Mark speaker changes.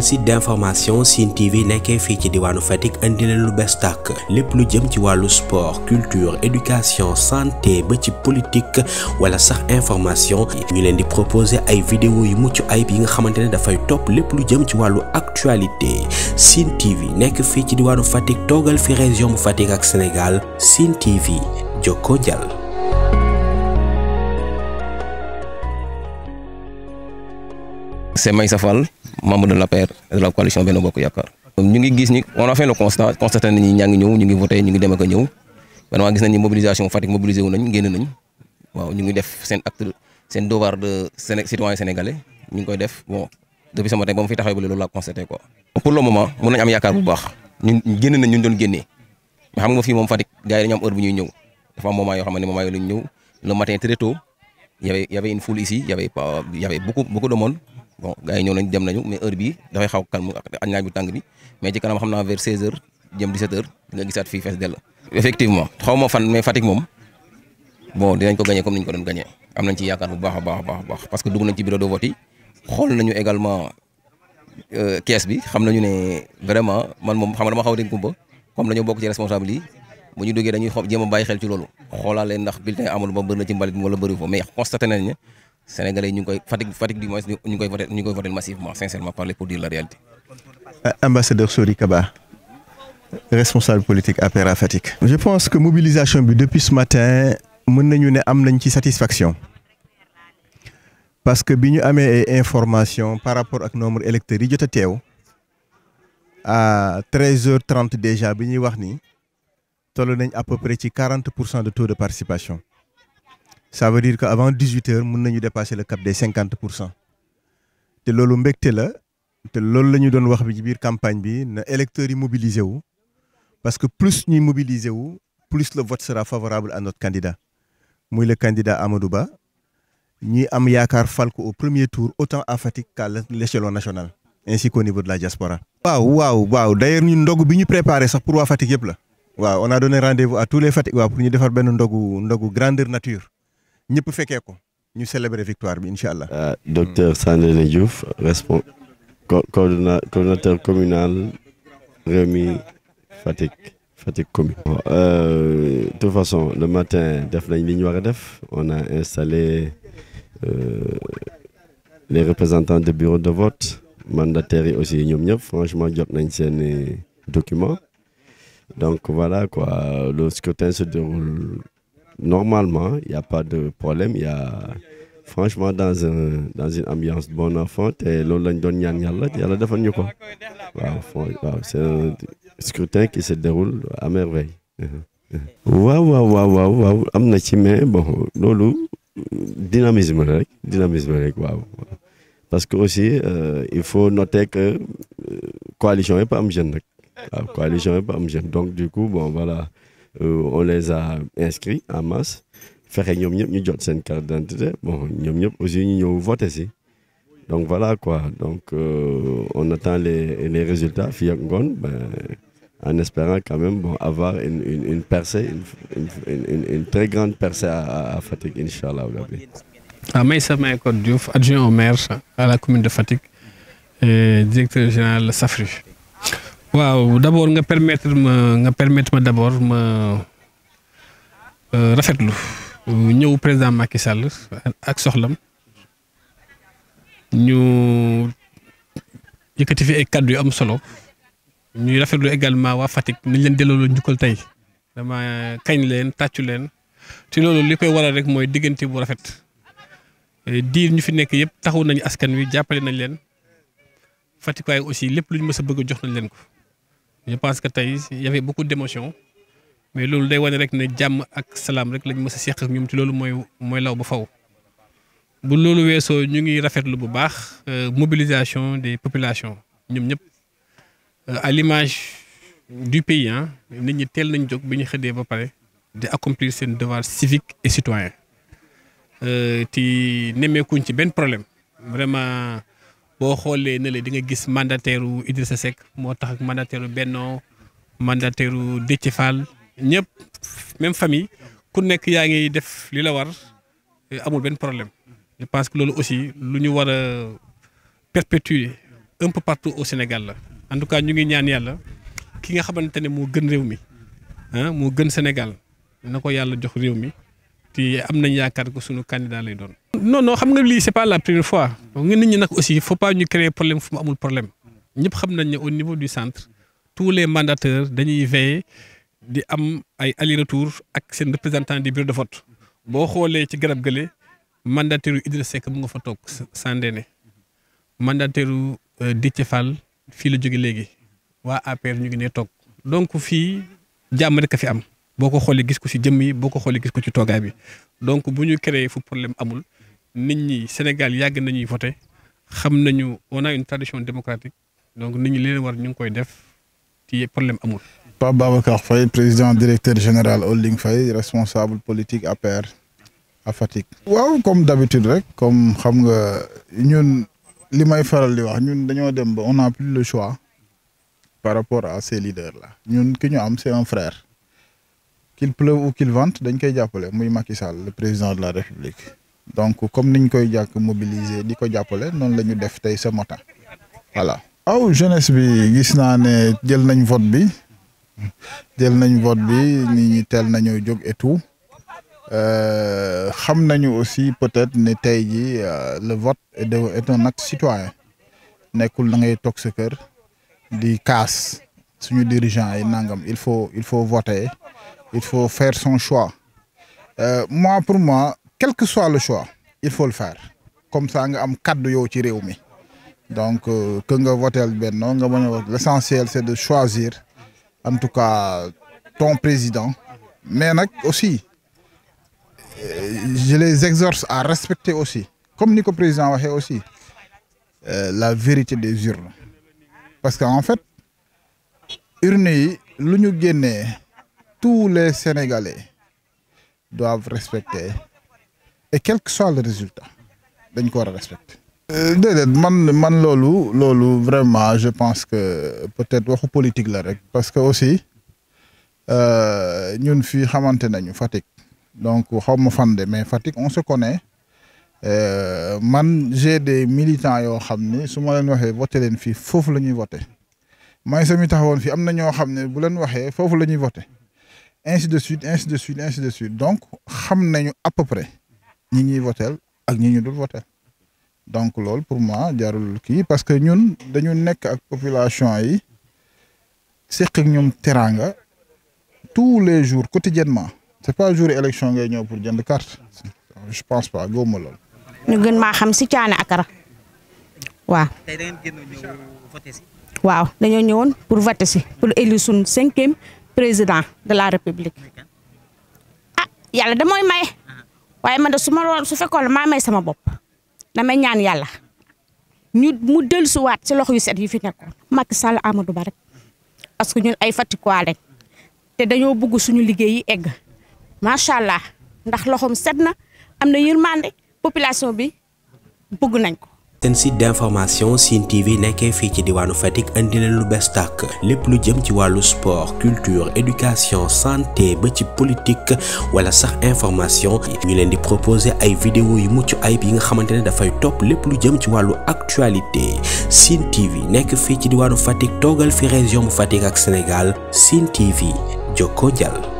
Speaker 1: site d'information sin TV nekkee fi ci diwanu fatik un leen lu bees les plus lu jëm ci walu sport culture éducation santé ba ci politique wala sax information ñu leen di proposer ay vidéo yu muccu ay bi nga xamantene da fay top lepp lu jëm ci walu actualité sin TV nek fi ci diwanu fatik togal fi région bu fatik ak
Speaker 2: Sénégal Sine TV joko c'est Maïsa Fall membre de l'APR et de la coalition Benno Bokk ñu ngi gis ni on a fait le constat constaté nañu ñaa ngi ñëw ñu ngi voté ñu ngi dem ak a ñëw vraiment gis nañ mobilisation Fatick mobilisé nañ génn nañ ñu ngi def seen acte devoir de Séné ñu ngi koy def bon depuis fi taxawee ba loolu laa constaté quoi. pour le moment mun nañ am yaakaar bu baax ñun génn nañ ñun doon génnee mais xam nga fii moom Fatick gars yi dañu am bu ñuy ñëw dafa matin très y avait il y avait une foule ici il y avait pas il y avait beaucoup beaucoup de monde bon gars yi ñëw nañ dem nañu mais heure bii dafay xaw kalm ak naaj bu tàng bi mais ci kanam xam naa vers 16 heures jëm 17 heures nga gisaat fii fees dell effectivement xaw ma fan mais Fatick moom bon dinañ ko gagné comme niñ ko doon gagné am nañ ci yaakaar bu baax a baax a baax parce que dugg nañ ci bureau de vote yi xool nañu également euh, caisse bi xam nañu ne vraiment man moom xam nga dama xaw a dégg comme dañoo bokk ci responsable yi bu ñu duggee dañuy xool jëm baay xel ci lolu xoolaale ndax bulletin amul Ba bëri ci mbalit mi wala bëri fo mais constaté nañ ne Sénégalais ñu ngi koy fatik Fatick du moins ñu ngi koy voté ñu ngi koy voté massivement sincèrement parler pour dire la réalité.
Speaker 3: Euh, ambassadeur Sori Kaba responsable politique APR à Fatick. je pense que mobilisation bi depuis ce matin mën nañu ne am nañ ci satisfaction parce que biñu amé information par rapport ak nombre électeurs yi jot a à 13h30 déjà bi wax ni y a à peu près 40 de taux de participation ça veut dire qu'avant 18 h nous avons dépasser le cap des 50 Et ce qui est le la te loolu la campagne les électeurs mobilisés parce que plus nous mobilisons plus le vote sera favorable à notre candidat Moi le candidat Amadouba, nous avons am un au premier tour autant à Fatick qu'à l'échelon national ainsi qu'au niveau de la diaspora Waouh, waouh, waouh d'ailleurs nous ndog bi pour nous fatiguer on a donné rendez-vous à tous les fatigues pour nous faire une grandeur nature Nous fekkee ko ñu célébrer victoire bi inshallah.
Speaker 4: Euh, docteur Sandrine Diouf coordonnateur communal Rémi Fatigue. commune. Euh, de toute façon le matin on a installé euh, les représentants de bureau de vote mandataires aussi franchement nous nañ un document donc voilà, quoi. Le scrutin se déroule normalement, il n'y a pas de problème. Il y a franchement dans, un, dans une ambiance bon enfant. Et l'Olande Donyan Yalla, Yalla Defan C'est un scrutin qui se déroule à merveille. Waouh, waouh, waouh, waouh, waouh. Amna bon, Lolo, dynamisme, dynamisme, waouh. Parce que aussi, euh, il faut noter que la euh, coalition n'est pas am jeune. Ah, quoi, les gens pas me Donc, du coup, bon, voilà, euh, on les a inscrits en masse. Faire ñom ñep ñu jot sen carte d'identité. Bon, ñom ñep aussi ñu ñeu voter si. Donc voilà quoi. Donc euh, on attend les, les résultats fiak ben en espérant quand même bon, avoir une, une, une percée, une, une, très grande percée à, à Fatigue, Inch'Allah.
Speaker 1: Ah, Maïssa Maïkot Diouf, adjoint au maire à la commune de Fatigue, et directeur général Safri. waaw d' abord nga permettre ma nga permettre ma d' abord ma euh, rafetlu ñëw président Macky Sall ak soxlam ñu yëkkati fi ay kàddu yu am solo ñuy rafetlu également waa Fatick nañ leen delloo njukkal tey dama kañ leen tàccu leen ti loolu li koy waral rek mooy diggante bu rafet euh, diir ñu fi nekk yëpp taxaw nañu askan wi jàppale nañ leen Fatick waaye aussi lépp lu ñu mës a bëgg jox nañ leen ko. je pense que tey y avait beaucoup d'émotions mais lolu day wone rek ne jàmm ak salam rek lañu mës a ñum ci lolu moy moy law bu faw bu lolu weesoo ñu ngi rafetlu bu baax euh, mobilisation des populations ñum ñep euh, à l'image du pays hein nit ñi tel nañ jog biñu ñu ba paré De accomplir sen devoir civique et citoyen euh, ti kuñ ci ben problème vraiment bo xolé ne le di nga gis mandataire u Idrissa Seck moo tax ak mandataire Benno mandataire Dethi Fall même famille ku nekk ngi def li la war eh, amul ben problème je pense que lolu aussi lu ñu o Senegal, perpétuer un peu partout au Sénégal la en tout cas ñu ngi ñaan Yalla ki nga xamantene mo gën réew mi ah mo gën Sénégal nako Yalla jox réew mi ti am nañ ko sunu candidat lay doon non non ce n'est pas la première fois Il ne faut pas ñu créer problème amul problème Nous xam au niveau du centre tous les mandateurs dañuy di am aller retour ak les représentants du bureau de vote Si vous ci des mandataire Idrissa Seck mu nga fa mandataire euh, Fall la donc ici, il rek a fi am sont gis ko ci donc bu créer fu problème amul. Nous, au Sénégal nous avons voté nous nañu on a une tradition démocratique donc nit ñi li leen war ñu koy problème
Speaker 5: Pape Babacar Faye président directeur général Holding Faye responsable politique APR à Fatik. waaw comme d'habitude comme xam nous ñun plus le choix par rapport à ces leaders là Nous, ki un frère qu'il pleuve ou qu'il vente nous koy jàppale muy makissal le président de la République donc comme nous koy mobilisé, nous avons nous avons noonu ce matin. def voilà jeunesse bi gis vote vote bi et tout euh, aussi peut-être ne euh, le vote est un acte citoyen Nous da ngay Nous sa voté, di il faut il faut voter il faut faire son choix euh, moi pour moi quel que soit le choix il faut le faire comme ça on euh, a un cadre de Yo donc quand nga l'essentiel c'est de choisir en tout cas ton président mais aussi euh, je les exhorte à respecter aussi comme Nico Président président fait aussi euh, la vérité des urnes parce qu'en fait urne, l'Union tous les Sénégalais doivent respecter et quel que soit le résultat dañ ko respecter. Euh, man man lolo, loolu vraiment je pense que peut-être waxu politique là, rek parce que aussi euh, ñun fii xamante nañu Fatick donc xaw ma mais Fatick on se connaît euh, man j'ai des militants qui ont ni su ma leen waxee voté leen fii foofu la ñuy voté may sami taxawoon fii am na ñoo bu leen voté ainsi de suite ainsi de suite ainsi de suite donc xam nañu à peu près ñi ñuy voteel ak ñi ñu dul voteel donc loolu pour moi jaarul kii parce que ñun dañu nekk ak population yi seq ak ñoom teraanga tous les jours quotidiennement c'est pas jour élection ngay ñëw pour jënd carte je pense pas góobu lool.
Speaker 4: ñu gën maa xam si caane akara waaw.
Speaker 2: tey da ngeen gën ñëw
Speaker 4: waaw dañoo ñëwoon pour voter si pour élire suñu cinquième président de la république. ah yàlla damooy may waaye ma de su ma doon su fekkoon maa may sama bopp damay ñaan yàlla ñu mu dellusiwaat si loxo yu set yi fi nekkoon Macky Sall Amadou Ba rek parce que ñun ay Fatickwa lañ te dañoo bëgg suñu liggéey yi egg macha allah ndax loxoom set na am na yërmande population bi bëgg nañ ko.
Speaker 1: un site d'information sin TV nekkee fi ci diwanu Fatick andi leen lu bees tak lepp lu jëm ci sport culture éducation santé ba ci politique wala sax information ñu len di proposer ay vidéo yu muccu ayib yi nga xamantene top, fay top lepp lu jëm ci actualité TV nek fi ci diwanu Fatick togal fi région ak Sénégal Sin TV Joko jàll